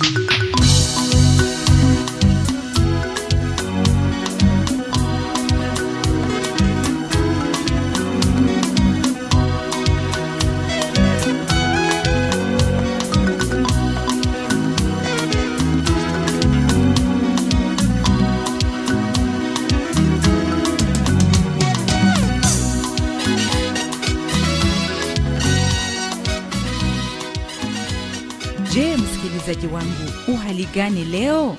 thank you hali gani leo?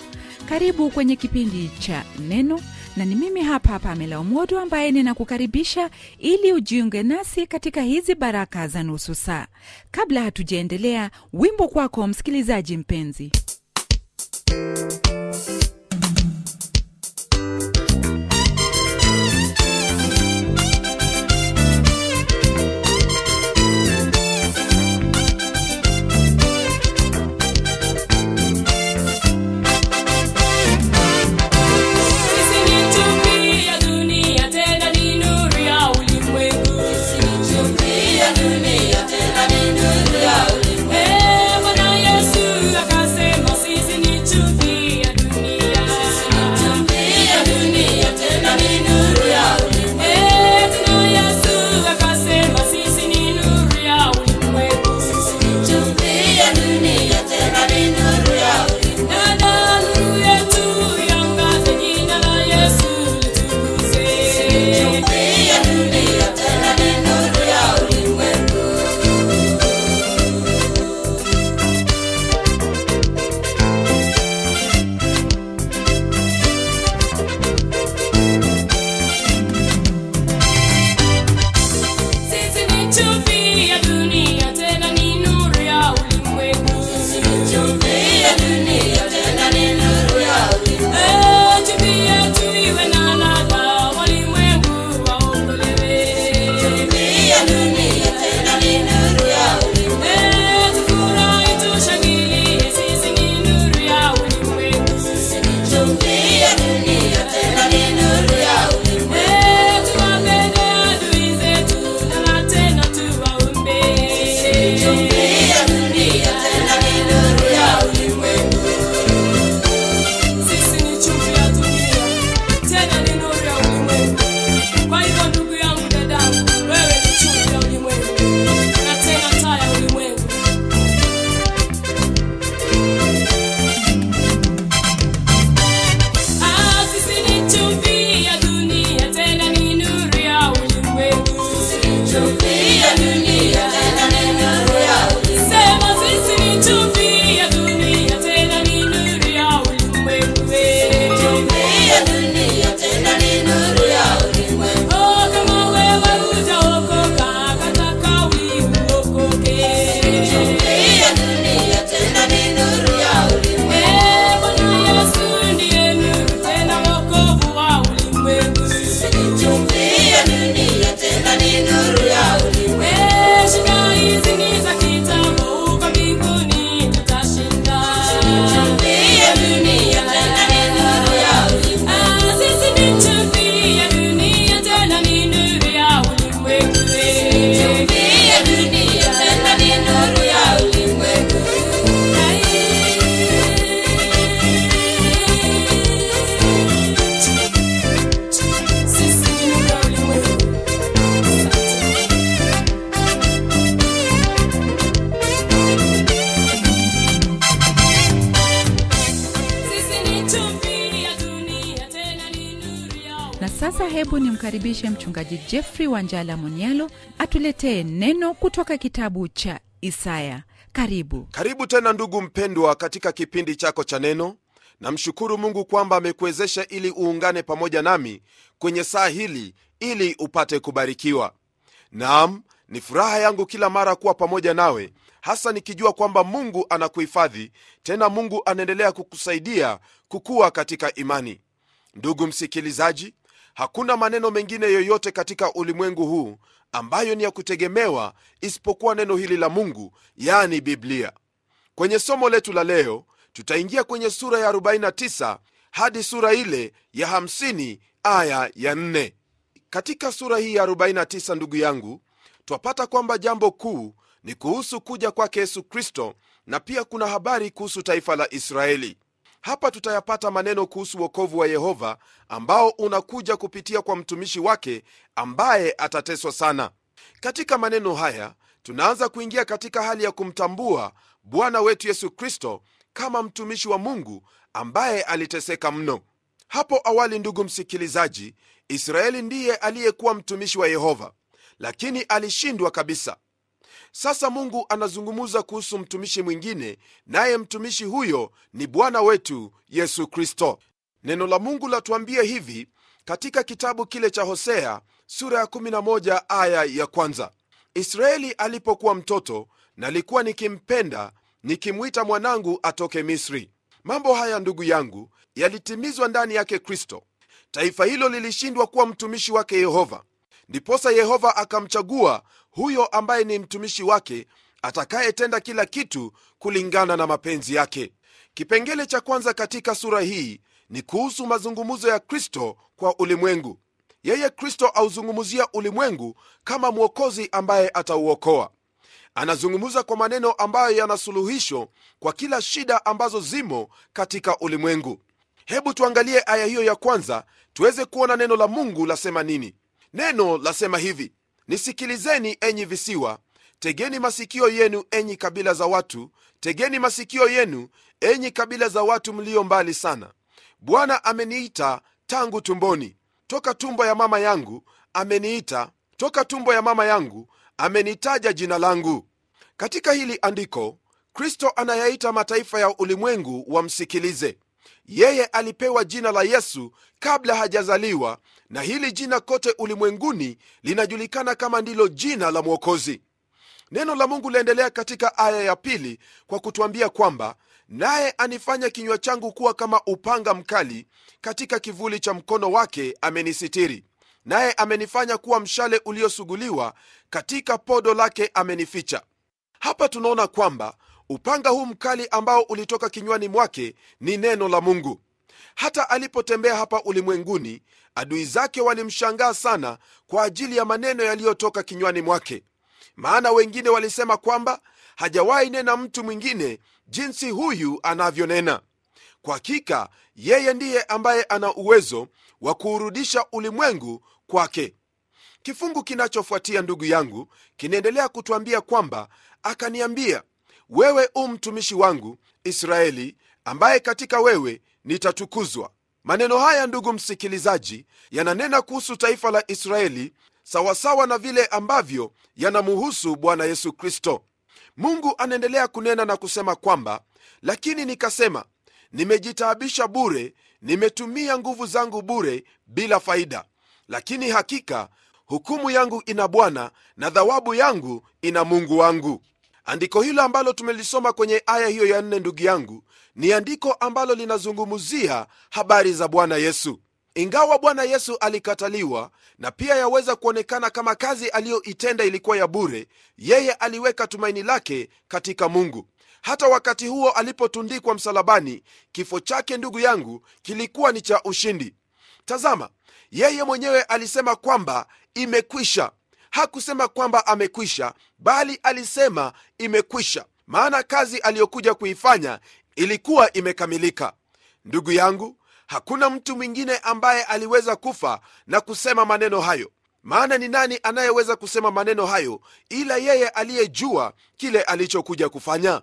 Karibu kwenye kipindi cha Neno na ni mimi hapa hapa Amela Omodo ambaye ninakukaribisha ili ujiunge nasi katika hizi baraka za nusu saa. Kabla hatujaendelea, wimbo kwako msikilizaji mpenzi. nimkaribishe mchungaji Jeffrey Wanjala monialo atuletee neno kutoka kitabu cha Isaya. Karibu, karibu tena ndugu mpendwa, katika kipindi chako cha neno. Namshukuru Mungu kwamba amekuwezesha ili uungane pamoja nami kwenye saa hili ili upate kubarikiwa. nam ni furaha yangu kila mara kuwa pamoja nawe, hasa nikijua kwamba Mungu anakuhifadhi, tena Mungu anaendelea kukusaidia kukuwa katika imani. Ndugu msikilizaji, hakuna maneno mengine yoyote katika ulimwengu huu ambayo ni ya kutegemewa isipokuwa neno hili la Mungu, yaani Biblia. Kwenye somo letu la leo tutaingia kwenye sura ya 49 hadi sura ile ya 50 aya ya 4. Katika sura hii ya 49, ndugu yangu, twapata kwamba jambo kuu ni kuhusu kuja kwake Yesu Kristo, na pia kuna habari kuhusu taifa la Israeli hapa tutayapata maneno kuhusu wokovu wa Yehova ambao unakuja kupitia kwa mtumishi wake ambaye atateswa sana. Katika maneno haya tunaanza kuingia katika hali ya kumtambua Bwana wetu Yesu Kristo kama mtumishi wa Mungu ambaye aliteseka mno. Hapo awali, ndugu msikilizaji, Israeli ndiye aliyekuwa mtumishi wa Yehova, lakini alishindwa kabisa. Sasa Mungu anazungumza kuhusu mtumishi mwingine, naye mtumishi huyo ni Bwana wetu Yesu Kristo. Neno la Mungu latuambia hivi katika kitabu kile cha Hosea sura ya 11 aya ya kwanza: Israeli alipokuwa mtoto nalikuwa nikimpenda nikimwita mwanangu atoke Misri. Mambo haya ndugu yangu, yalitimizwa ndani yake Kristo. Taifa hilo lilishindwa kuwa mtumishi wake Yehova, ndiposa Yehova akamchagua huyo ambaye ni mtumishi wake atakayetenda kila kitu kulingana na mapenzi yake. Kipengele cha kwanza katika sura hii ni kuhusu mazungumzo ya Kristo kwa ulimwengu. Yeye Kristo auzungumzia ulimwengu kama mwokozi ambaye atauokoa. Anazungumza kwa maneno ambayo yana suluhisho kwa kila shida ambazo zimo katika ulimwengu. Hebu tuangalie aya hiyo ya kwanza tuweze kuona neno la Mungu lasema nini. Neno lasema hivi: nisikilizeni enyi visiwa tegeni masikio yenu enyi kabila za watu tegeni masikio yenu enyi kabila za watu mlio mbali sana bwana ameniita tangu tumboni toka tumbo ya mama yangu ameniita toka tumbo ya mama yangu amenitaja jina langu katika hili andiko kristo anayaita mataifa ya ulimwengu wamsikilize yeye alipewa jina la yesu kabla hajazaliwa na hili jina kote ulimwenguni linajulikana kama ndilo jina la Mwokozi. Neno la Mungu liendelea katika aya ya pili kwa kutuambia kwamba naye anifanya kinywa changu kuwa kama upanga mkali, katika kivuli cha mkono wake amenisitiri, naye amenifanya kuwa mshale uliosuguliwa, katika podo lake amenificha. Hapa tunaona kwamba upanga huu mkali ambao ulitoka kinywani mwake ni neno la Mungu. Hata alipotembea hapa ulimwenguni, adui zake walimshangaa sana kwa ajili ya maneno yaliyotoka kinywani mwake, maana wengine walisema kwamba hajawahi nena mtu mwingine jinsi huyu anavyonena. Kwa hakika yeye ndiye ambaye ana uwezo wa kuurudisha ulimwengu kwake. Kifungu kinachofuatia ndugu yangu kinaendelea kutwambia kwamba akaniambia, wewe u mtumishi wangu Israeli, ambaye katika wewe nitatukuzwa. Maneno haya, ndugu msikilizaji, yananena kuhusu taifa la Israeli sawasawa na vile ambavyo yanamuhusu Bwana Yesu Kristo. Mungu anaendelea kunena na kusema kwamba, lakini nikasema, nimejitaabisha bure, nimetumia nguvu zangu bure bila faida, lakini hakika hukumu yangu ina Bwana na dhawabu yangu ina Mungu wangu. Andiko hilo ambalo tumelisoma kwenye aya hiyo ya nne, ndugu yangu, ni andiko ambalo linazungumzia habari za Bwana Yesu. Ingawa Bwana Yesu alikataliwa na pia yaweza kuonekana kama kazi aliyoitenda ilikuwa ya bure, yeye aliweka tumaini lake katika Mungu. Hata wakati huo alipotundikwa msalabani, kifo chake, ndugu yangu, kilikuwa ni cha ushindi. Tazama, yeye mwenyewe alisema kwamba imekwisha. Hakusema kwamba amekwisha, bali alisema imekwisha, maana kazi aliyokuja kuifanya ilikuwa imekamilika. Ndugu yangu, hakuna mtu mwingine ambaye aliweza kufa na kusema maneno hayo. Maana ni nani anayeweza kusema maneno hayo ila yeye aliyejua kile alichokuja kufanya?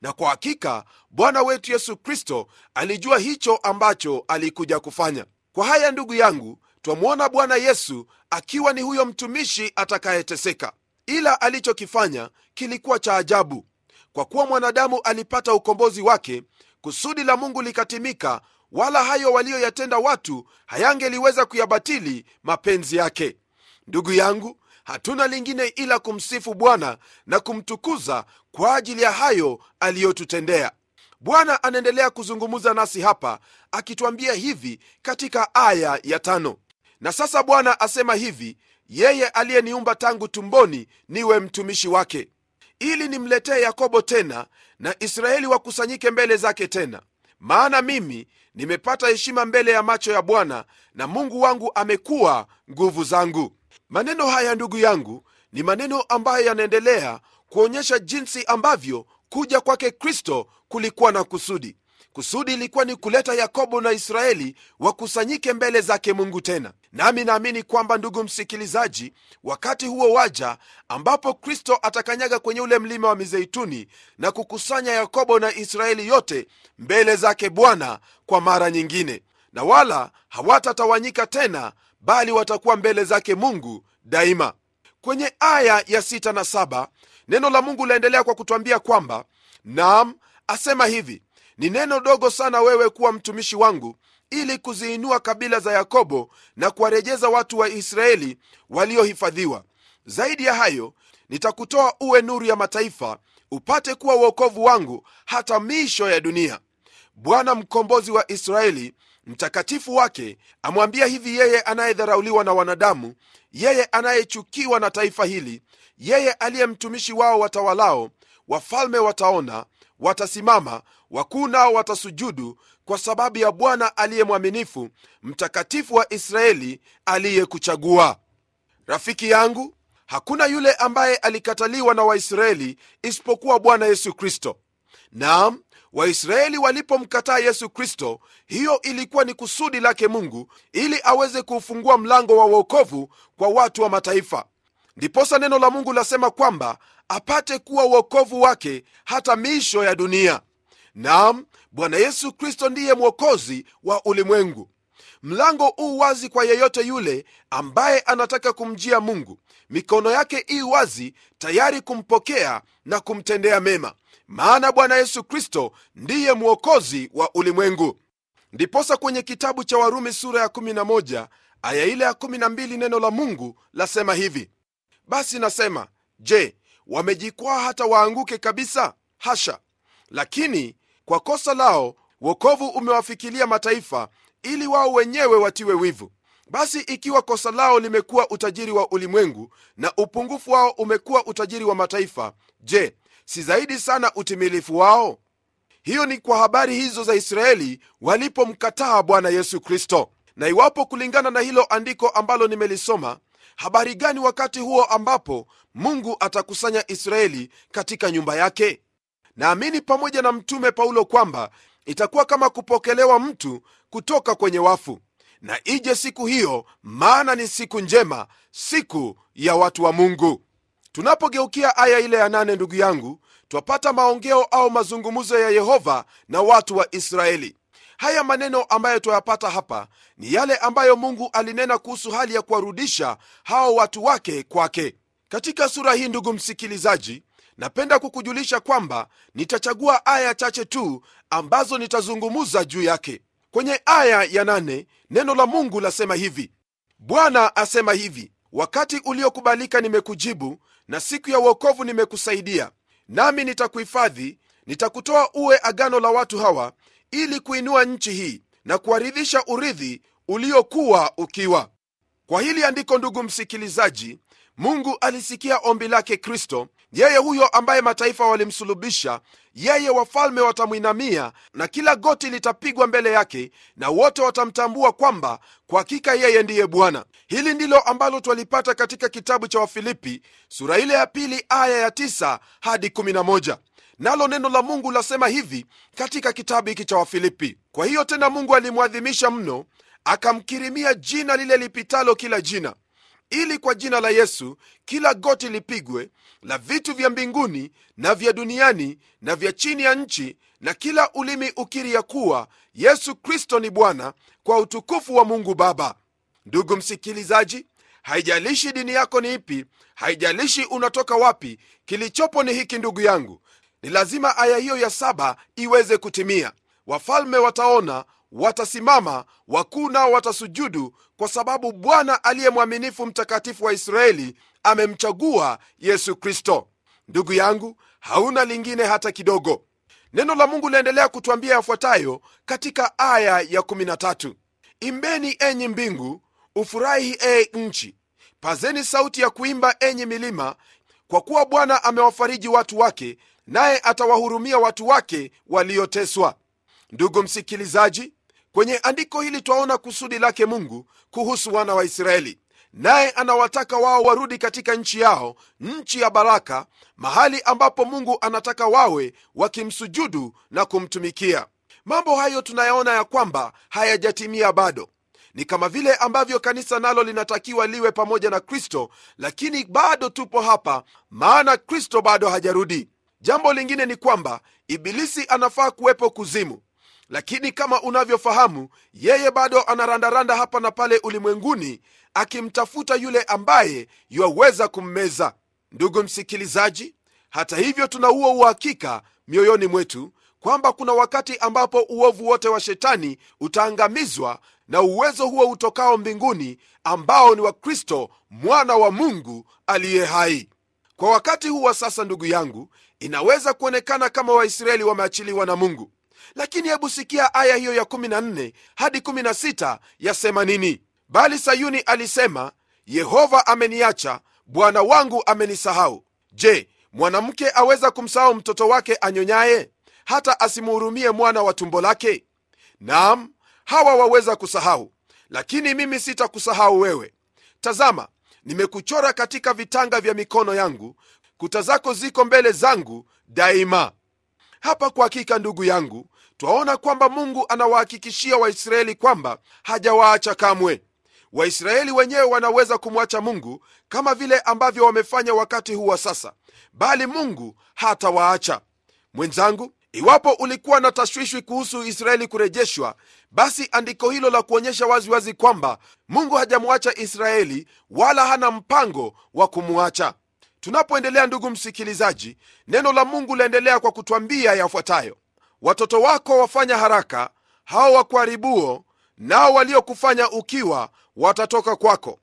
Na kwa hakika Bwana wetu Yesu Kristo alijua hicho ambacho alikuja kufanya. Kwa haya, ndugu yangu, twamwona Bwana Yesu akiwa ni huyo mtumishi atakayeteseka, ila alichokifanya kilikuwa cha ajabu kwa kuwa mwanadamu alipata ukombozi wake, kusudi la Mungu likatimika, wala hayo waliyoyatenda watu hayangeliweza kuyabatili mapenzi yake. Ndugu yangu, hatuna lingine ila kumsifu Bwana na kumtukuza kwa ajili ya hayo aliyotutendea. Bwana anaendelea kuzungumza nasi hapa akituambia hivi katika aya ya tano: na sasa Bwana asema hivi, yeye aliyeniumba tangu tumboni niwe mtumishi wake, ili nimletee Yakobo tena na Israeli wakusanyike mbele zake tena, maana mimi nimepata heshima mbele ya macho ya Bwana na Mungu wangu amekuwa nguvu zangu. Maneno haya ndugu yangu, ni maneno ambayo yanaendelea kuonyesha jinsi ambavyo kuja kwake Kristo kulikuwa na kusudi. Kusudi ilikuwa ni kuleta Yakobo na Israeli wakusanyike mbele zake Mungu tena. Nami naamini kwamba, ndugu msikilizaji, wakati huo waja ambapo Kristo atakanyaga kwenye ule mlima wa Mizeituni na kukusanya Yakobo na Israeli yote mbele zake Bwana kwa mara nyingine, na wala hawatatawanyika tena, bali watakuwa mbele zake Mungu daima. Kwenye aya ya sita na neno la Mungu laendelea kwa kutwambia kwamba, nam asema hivi ni neno dogo sana wewe kuwa mtumishi wangu ili kuziinua kabila za Yakobo na kuwarejeza watu wa Israeli waliohifadhiwa. Zaidi ya hayo, nitakutoa uwe nuru ya mataifa, upate kuwa uokovu wangu hata miisho ya dunia. Bwana mkombozi wa Israeli mtakatifu wake amwambia hivi yeye anayedharauliwa na wanadamu, yeye anayechukiwa na taifa hili, yeye aliye mtumishi wao watawalao: wafalme wataona, watasimama, wakuu nao watasujudu kwa sababu ya Bwana aliye mwaminifu, mtakatifu wa Israeli aliyekuchagua. Rafiki yangu, hakuna yule ambaye alikataliwa na Waisraeli isipokuwa Bwana Yesu Kristo. Naam, Waisraeli walipomkataa Yesu Kristo, hiyo ilikuwa ni kusudi lake Mungu ili aweze kuufungua mlango wa wokovu kwa watu wa mataifa. Ndiposa neno la Mungu lasema kwamba apate kuwa wokovu wake hata miisho ya dunia nam Bwana Yesu Kristo ndiye mwokozi wa ulimwengu. Mlango uu wazi kwa yeyote yule ambaye anataka kumjia Mungu. Mikono yake ii wazi tayari kumpokea na kumtendea mema, maana Bwana Yesu Kristo ndiye mwokozi wa ulimwengu. Ndiposa kwenye kitabu cha Warumi sura ya 11 aya ile ya 12 neno la Mungu lasema hivi: basi nasema, je, wamejikwaa hata waanguke kabisa? Hasha! Lakini kwa kosa lao wokovu umewafikilia mataifa, ili wao wenyewe watiwe wivu. Basi ikiwa kosa lao limekuwa utajiri wa ulimwengu, na upungufu wao umekuwa utajiri wa mataifa, je, si zaidi sana utimilifu wao? Hiyo ni kwa habari hizo za Israeli walipomkataa Bwana Yesu Kristo. Na iwapo kulingana na hilo andiko ambalo nimelisoma, habari gani wakati huo ambapo Mungu atakusanya Israeli katika nyumba yake? Naamini pamoja na Mtume Paulo kwamba itakuwa kama kupokelewa mtu kutoka kwenye wafu. Na ije siku hiyo, maana ni siku njema, siku ya watu wa Mungu. Tunapogeukia aya ile ya nane, ndugu yangu, twapata maongeo au mazungumzo ya Yehova na watu wa Israeli. Haya maneno ambayo twayapata hapa ni yale ambayo Mungu alinena kuhusu hali ya kuwarudisha hao watu wake kwake. Katika sura hii, ndugu msikilizaji, napenda kukujulisha kwamba nitachagua aya chache tu ambazo nitazungumuza juu yake. Kwenye aya ya nane neno la Mungu lasema hivi: Bwana asema hivi, wakati uliokubalika nimekujibu, na siku ya uokovu nimekusaidia, nami nitakuhifadhi, nitakutoa uwe agano la watu hawa, ili kuinua nchi hii na kuwaridhisha urithi uliokuwa ukiwa. Kwa hili andiko, ndugu msikilizaji, Mungu alisikia ombi lake Kristo yeye huyo ambaye mataifa walimsulubisha, yeye wafalme watamwinamia na kila goti litapigwa mbele yake, na wote watamtambua kwamba kwa hakika yeye ndiye Bwana. Hili ndilo ambalo twalipata katika kitabu cha Wafilipi sura ile ya pili aya ya hadi Nalo neno la Mungu lasema hivi katika kitabu hiki cha Wafilipi: kwa hiyo tena Mungu alimwadhimisha mno, akamkirimia jina lile lipitalo kila jina ili kwa jina la Yesu kila goti lipigwe la vitu vya mbinguni na vya duniani na vya chini ya nchi, na kila ulimi ukiri ya kuwa Yesu Kristo ni Bwana, kwa utukufu wa Mungu Baba. Ndugu msikilizaji, haijalishi dini yako ni ipi, haijalishi unatoka wapi, kilichopo ni hiki, ndugu yangu, ni lazima aya hiyo ya saba iweze kutimia. Wafalme wataona, watasimama, wakuu nao watasujudu, kwa sababu Bwana aliye mwaminifu, mtakatifu wa Israeli, amemchagua Yesu Kristo. Ndugu yangu, hauna lingine hata kidogo. Neno la Mungu laendelea kutuambia yafuatayo katika aya ya 13: Imbeni enyi mbingu, ufurahi ee nchi, pazeni sauti ya kuimba enyi milima, kwa kuwa Bwana amewafariji watu wake, naye atawahurumia watu wake walioteswa. Ndugu msikilizaji, kwenye andiko hili twaona kusudi lake mungu kuhusu wana wa israeli naye anawataka wao warudi katika nchi yao nchi ya baraka mahali ambapo mungu anataka wawe wakimsujudu na kumtumikia mambo hayo tunayaona ya kwamba hayajatimia bado ni kama vile ambavyo kanisa nalo linatakiwa liwe pamoja na kristo lakini bado tupo hapa maana kristo bado hajarudi jambo lingine ni kwamba ibilisi anafaa kuwepo kuzimu lakini kama unavyofahamu yeye bado anarandaranda hapa na pale ulimwenguni akimtafuta yule ambaye yuaweza kummeza. Ndugu msikilizaji, hata hivyo, tuna huo uhakika mioyoni mwetu kwamba kuna wakati ambapo uovu wote wa shetani utaangamizwa na uwezo huo utokao mbinguni ambao ni wa Kristo mwana wa Mungu aliye hai. Kwa wakati huu wa sasa, ndugu yangu, inaweza kuonekana kama Waisraeli wameachiliwa na Mungu lakini hebu sikia aya hiyo ya 14 hadi 16 yasema nini? Bali Sayuni alisema, Yehova ameniacha, Bwana wangu amenisahau. Je, mwanamke aweza kumsahau mtoto wake anyonyaye, hata asimuhurumie mwana wa tumbo lake? nam hawa waweza kusahau, lakini mimi sitakusahau wewe. Tazama, nimekuchora katika vitanga vya mikono yangu, kuta zako ziko mbele zangu daima. Hapa kwa hakika, ndugu yangu, twaona kwamba Mungu anawahakikishia Waisraeli kwamba hajawaacha kamwe. Waisraeli wenyewe wanaweza kumwacha Mungu kama vile ambavyo wamefanya wakati huu wa sasa, bali Mungu hatawaacha. Mwenzangu, iwapo ulikuwa na tashwishwi kuhusu Israeli kurejeshwa, basi andiko hilo la kuonyesha waziwazi wazi kwamba Mungu hajamwacha Israeli wala hana mpango wa kumwacha tunapoendelea ndugu msikilizaji neno la mungu laendelea kwa kutwambia yafuatayo watoto wako wafanya haraka hao wakuharibuo nao waliokufanya ukiwa watatoka kwako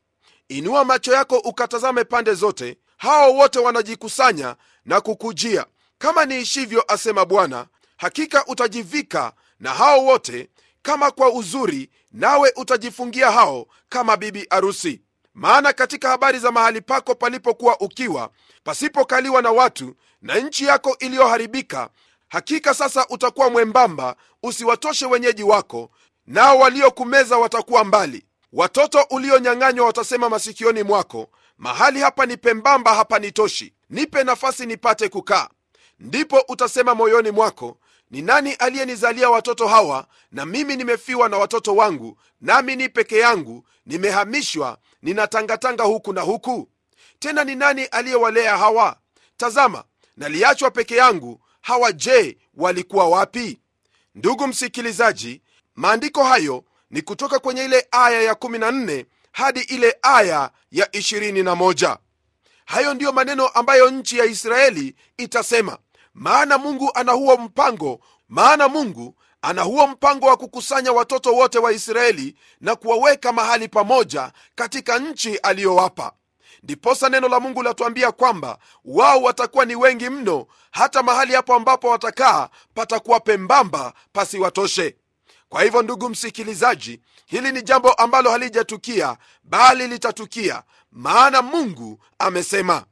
inua macho yako ukatazame pande zote hao wote wanajikusanya na kukujia kama niishivyo asema bwana hakika utajivika na hao wote kama kwa uzuri nawe utajifungia hao kama bibi arusi maana katika habari za mahali pako palipokuwa ukiwa, pasipokaliwa na watu, na nchi yako iliyoharibika, hakika sasa utakuwa mwembamba, usiwatoshe wenyeji wako, nao waliokumeza watakuwa mbali. Watoto ulionyang'anywa watasema masikioni mwako, mahali hapa ni pembamba, hapa nitoshi nipe nafasi nipate kukaa. Ndipo utasema moyoni mwako ni nani aliyenizalia watoto hawa, na mimi nimefiwa na watoto wangu, nami ni peke yangu, nimehamishwa, ninatangatanga huku na huku? Tena ni nani aliyewalea hawa? Tazama, naliachwa peke yangu, hawa je, walikuwa wapi? Ndugu msikilizaji, maandiko hayo ni kutoka kwenye ile aya ya 14 hadi ile aya ya 21. Hayo ndiyo maneno ambayo nchi ya Israeli itasema maana Mungu ana huo mpango, maana Mungu ana huo mpango wa kukusanya watoto wote wa Israeli na kuwaweka mahali pamoja katika nchi aliyowapa. Ndiposa neno la Mungu latuambia kwamba wao watakuwa ni wengi mno, hata mahali hapo ambapo watakaa patakuwa pembamba pasiwatoshe. Kwa hivyo, ndugu msikilizaji, hili ni jambo ambalo halijatukia bali litatukia, maana Mungu amesema.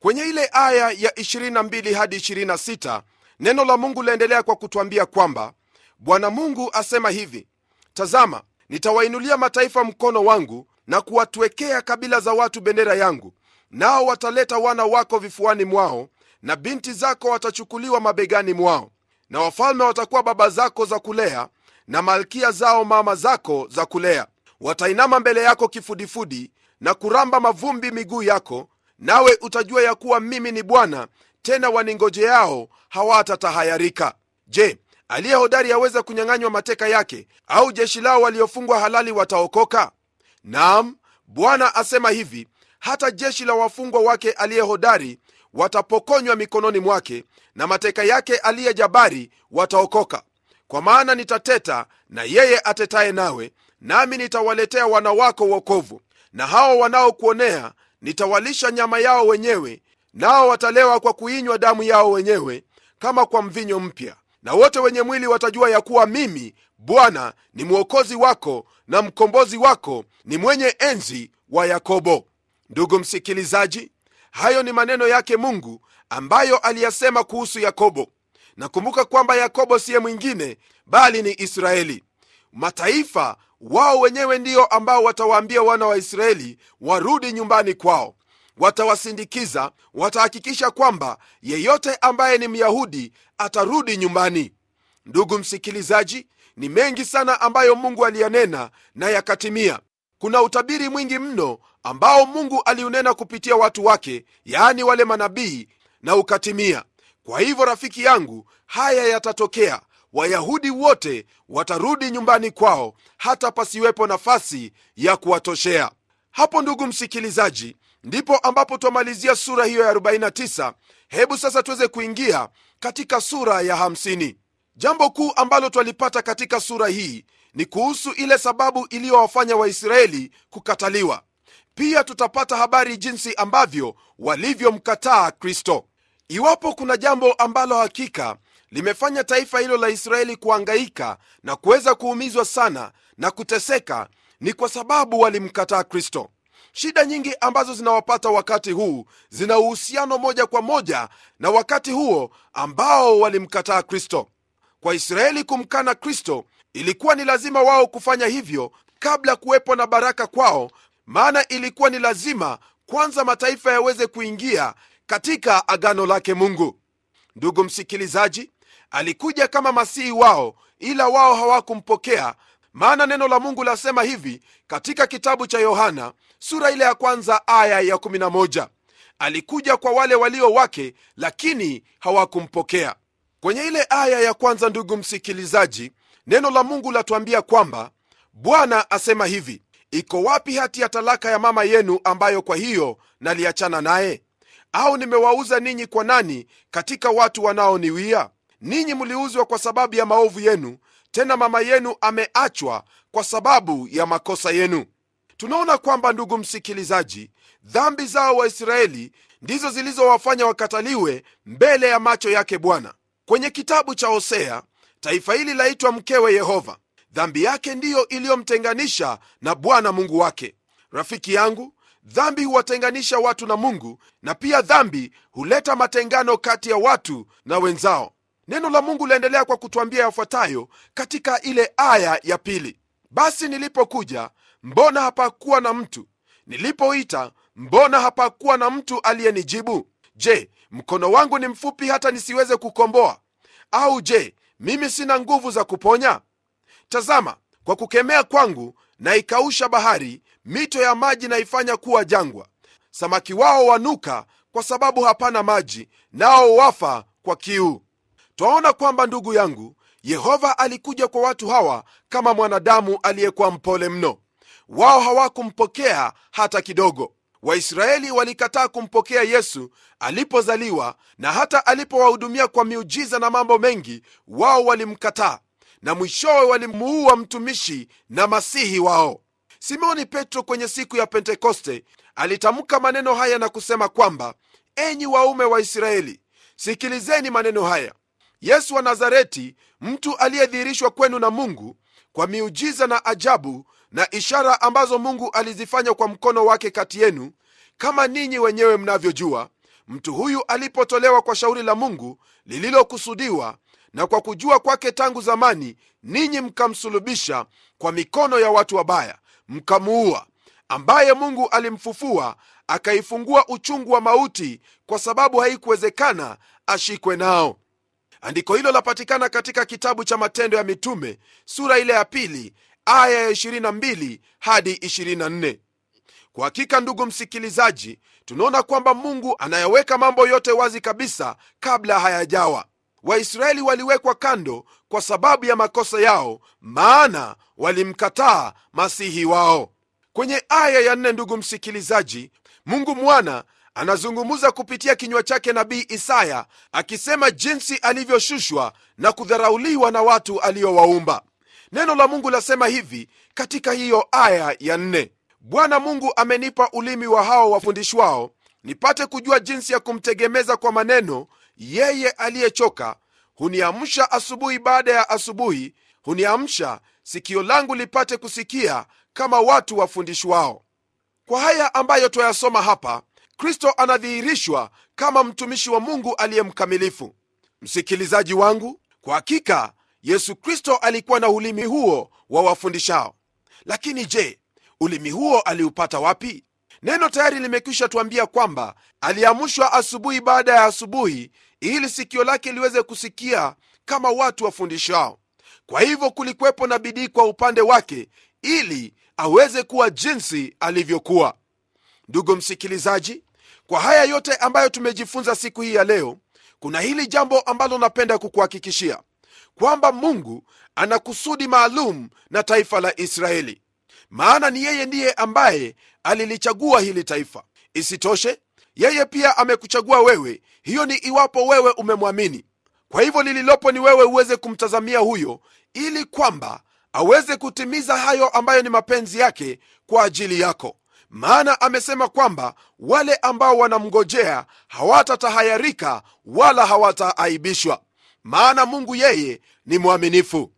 Kwenye ile aya ya 22 hadi 26 neno la Mungu laendelea kwa kutwambia kwamba Bwana Mungu asema hivi: Tazama, nitawainulia mataifa mkono wangu na kuwatwekea kabila za watu bendera yangu, nao wataleta wana wako vifuani mwao na binti zako watachukuliwa mabegani mwao, na wafalme watakuwa baba zako za kulea, na malkia zao mama zako za kulea. Watainama mbele yako kifudifudi na kuramba mavumbi miguu yako, nawe utajua ya kuwa mimi ni Bwana, tena waningoje yao hawatatahayarika. Je, aliye hodari aweza kunyang'anywa mateka yake, au jeshi lao waliofungwa halali wataokoka? nam Bwana asema hivi, hata jeshi la wafungwa wake aliye hodari watapokonywa mikononi mwake, na mateka yake aliye jabari wataokoka. Kwa maana nitateta na yeye atetaye nawe, nami nitawaletea wanawako wokovu, na hao wanaokuonea nitawalisha nyama yao wenyewe, nao watalewa kwa kuinywa damu yao wenyewe kama kwa mvinyo mpya, na wote wenye mwili watajua ya kuwa mimi Bwana ni mwokozi wako na mkombozi wako, ni mwenye enzi wa Yakobo. Ndugu msikilizaji, hayo ni maneno yake Mungu ambayo aliyasema kuhusu Yakobo. Nakumbuka kwamba Yakobo siye mwingine bali ni Israeli. Mataifa wao wenyewe ndio ambao watawaambia wana wa Israeli warudi nyumbani kwao. Watawasindikiza, watahakikisha kwamba yeyote ambaye ni Myahudi atarudi nyumbani. Ndugu msikilizaji, ni mengi sana ambayo Mungu aliyanena na yakatimia. Kuna utabiri mwingi mno ambao Mungu aliunena kupitia watu wake, yaani wale manabii, na ukatimia. Kwa hivyo, rafiki yangu, haya yatatokea Wayahudi wote watarudi nyumbani kwao hata pasiwepo nafasi ya kuwatoshea. Hapo ndugu msikilizaji, ndipo ambapo twamalizia sura hiyo ya 49. Hebu sasa tuweze kuingia katika sura ya 50. Jambo kuu ambalo twalipata katika sura hii ni kuhusu ile sababu iliyowafanya Waisraeli kukataliwa. Pia tutapata habari jinsi ambavyo walivyomkataa Kristo. Iwapo kuna jambo ambalo hakika limefanya taifa hilo la Israeli kuangaika na kuweza kuumizwa sana na kuteseka ni kwa sababu walimkataa Kristo. Shida nyingi ambazo zinawapata wakati huu zina uhusiano moja kwa moja na wakati huo ambao walimkataa Kristo. Kwa Israeli kumkana Kristo, ilikuwa ni lazima wao kufanya hivyo kabla kuwepo na baraka kwao, maana ilikuwa ni lazima kwanza mataifa yaweze kuingia katika agano lake Mungu. Ndugu msikilizaji, alikuja kama masihi wao, ila wao hawakumpokea. Maana neno la Mungu lasema hivi katika kitabu cha Yohana sura ile ya kwanza aya ya 11, alikuja kwa wale walio wake, lakini hawakumpokea. Kwenye ile aya ya kwanza, ndugu msikilizaji, neno la Mungu latuambia kwamba Bwana asema hivi, iko wapi hati ya talaka ya mama yenu, ambayo kwa hiyo naliachana naye? Au nimewauza ninyi kwa nani katika watu wanaoniwia? Ninyi mliuzwa kwa sababu ya maovu yenu, tena mama yenu ameachwa kwa sababu ya makosa yenu. Tunaona kwamba, ndugu msikilizaji, dhambi zao Waisraeli ndizo zilizowafanya wakataliwe mbele ya macho yake Bwana. Kwenye kitabu cha Hosea, taifa hili laitwa mkewe Yehova. Dhambi yake ndiyo iliyomtenganisha na Bwana Mungu wake. Rafiki yangu, dhambi huwatenganisha watu na Mungu, na pia dhambi huleta matengano kati ya watu na wenzao neno la mungu laendelea kwa kutwambia yafuatayo katika ile aya ya pili basi nilipokuja mbona hapakuwa na mtu nilipoita mbona hapakuwa na mtu aliyenijibu je mkono wangu ni mfupi hata nisiweze kukomboa au je mimi sina nguvu za kuponya tazama kwa kukemea kwangu naikausha bahari mito ya maji naifanya kuwa jangwa samaki wao wanuka kwa sababu hapana maji nao wafa kwa kiu twaona kwamba ndugu yangu Yehova alikuja kwa watu hawa kama mwanadamu aliyekuwa mpole mno. Wao hawakumpokea hata kidogo. Waisraeli walikataa kumpokea Yesu alipozaliwa, na hata alipowahudumia kwa miujiza na mambo mengi, wao walimkataa na mwishowe walimuua mtumishi na masihi wao. Simoni Petro kwenye siku ya Pentekoste alitamka maneno haya na kusema kwamba, enyi waume wa Israeli, sikilizeni maneno haya Yesu wa Nazareti, mtu aliyedhihirishwa kwenu na Mungu kwa miujiza na ajabu na ishara ambazo Mungu alizifanya kwa mkono wake kati yenu, kama ninyi wenyewe mnavyojua. Mtu huyu alipotolewa kwa shauri la Mungu lililokusudiwa na kwa kujua kwake tangu zamani, ninyi mkamsulubisha kwa mikono ya watu wabaya, mkamuua, ambaye Mungu alimfufua akaifungua uchungu wa mauti, kwa sababu haikuwezekana ashikwe nao. Andiko hilo lapatikana katika kitabu cha Matendo ya Mitume sura ile ya pili aya ya 22 hadi 24. Kwa hakika, ndugu msikilizaji, tunaona kwamba Mungu anayaweka mambo yote wazi kabisa kabla hayajawa. Waisraeli waliwekwa kando kwa sababu ya makosa yao, maana walimkataa masihi wao. Kwenye aya ya nne, ndugu msikilizaji, Mungu mwana anazungumza kupitia kinywa chake nabii Isaya akisema jinsi alivyoshushwa na kudharauliwa na watu aliowaumba. Neno la Mungu lasema hivi katika hiyo aya ya nne: Bwana Mungu amenipa ulimi wa hao wafundishwao, nipate kujua jinsi ya kumtegemeza kwa maneno yeye aliyechoka. Huniamsha asubuhi baada ya asubuhi, huniamsha sikio langu lipate kusikia kama watu wafundishwao. Kwa haya ambayo twayasoma hapa Kristo anadhihirishwa kama mtumishi wa Mungu aliye mkamilifu. Msikilizaji wangu, kwa hakika Yesu Kristo alikuwa na ulimi huo wa wafundishao, lakini je, ulimi huo aliupata wapi? Neno tayari limekwisha tuambia kwamba aliamshwa asubuhi baada ya asubuhi, ili sikio lake liweze kusikia kama watu wafundishao. Kwa hivyo kulikuwepo na bidii kwa upande wake ili aweze kuwa jinsi alivyokuwa. Ndugu msikilizaji, kwa haya yote ambayo tumejifunza siku hii ya leo, kuna hili jambo ambalo napenda kukuhakikishia kwamba Mungu ana kusudi maalum na taifa la Israeli, maana ni yeye ndiye ambaye alilichagua hili taifa. Isitoshe, yeye pia amekuchagua wewe. Hiyo ni iwapo wewe umemwamini. Kwa hivyo lililopo ni wewe uweze kumtazamia huyo, ili kwamba aweze kutimiza hayo ambayo ni mapenzi yake kwa ajili yako maana amesema kwamba wale ambao wanamngojea hawatatahayarika wala hawataaibishwa, maana Mungu yeye ni mwaminifu.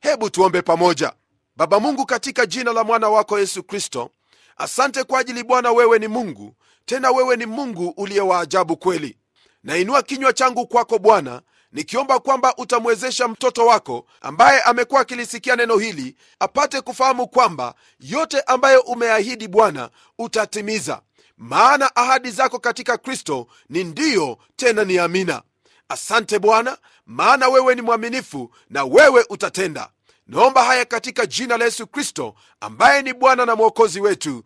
Hebu tuombe pamoja. Baba Mungu, katika jina la mwana wako Yesu Kristo, asante kwa ajili Bwana, wewe ni Mungu, tena wewe ni Mungu uliye wa ajabu kweli. Nainua kinywa changu kwako Bwana, nikiomba kwamba utamwezesha mtoto wako ambaye amekuwa akilisikia neno hili apate kufahamu kwamba yote ambayo umeahidi Bwana utatimiza, maana ahadi zako katika Kristo ni ndiyo tena ni amina. Asante Bwana, maana wewe ni mwaminifu na wewe utatenda. Naomba haya katika jina la Yesu Kristo ambaye ni Bwana na Mwokozi wetu,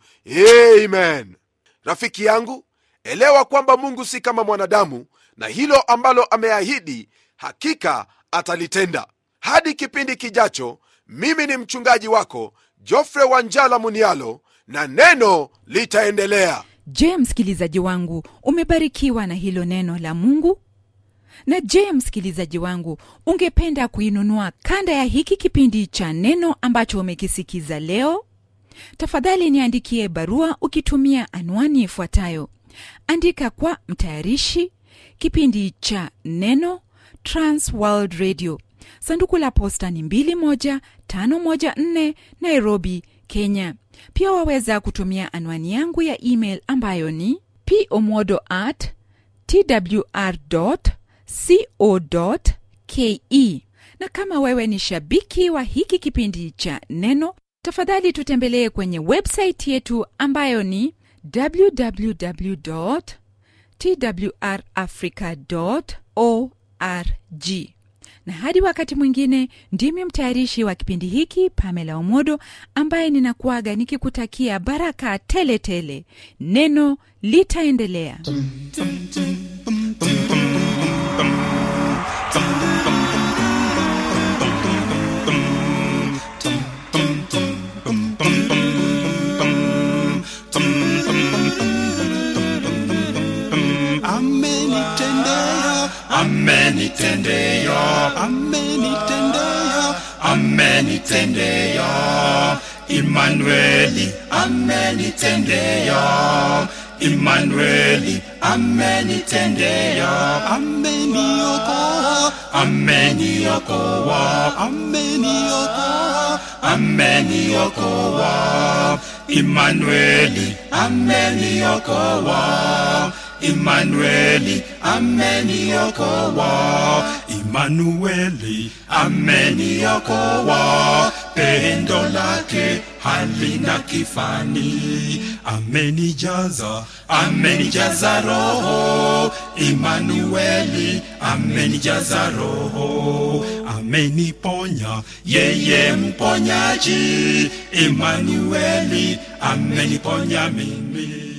amen. Rafiki yangu, elewa kwamba Mungu si kama mwanadamu, na hilo ambalo ameahidi hakika atalitenda. Hadi kipindi kijacho, mimi ni mchungaji wako Jofre Wanjala Munialo, na neno litaendelea. Je, msikilizaji wangu, umebarikiwa na hilo neno la Mungu? Na je, msikilizaji wangu, ungependa kuinunua kanda ya hiki kipindi cha neno ambacho umekisikiza leo? Tafadhali niandikie barua ukitumia anwani ifuatayo: andika kwa mtayarishi kipindi cha neno Trans World Radio. Sanduku la posta ni 21514 Nairobi, Kenya. Pia waweza kutumia anwani yangu ya email ambayo ni pomodo at twr co ke. Na kama wewe ni shabiki wa hiki kipindi cha Neno, tafadhali tutembelee kwenye website yetu ambayo ni www twr org rg na hadi wakati mwingine, ndimi mtayarishi wa kipindi hiki Pamela Omodo, ambaye ninakuaga nikikutakia baraka teletele tele. Neno litaendelea. amenitendeyo amenitendeyo amenitendeyo Immanueli amenitendeyo Immanueli amenitendeyo ameni ameniyokowa ameniyokowa ameniyokowa Immanueli ameniyokowa Immanueli ameniyokowa Immanueli ameniyokowa pendo lake halina kifani, amenijaza amenijaza roho Imanueli, amenijaza roho, ameniponya yeye mponyaji Imanueli, ameniponya mimi.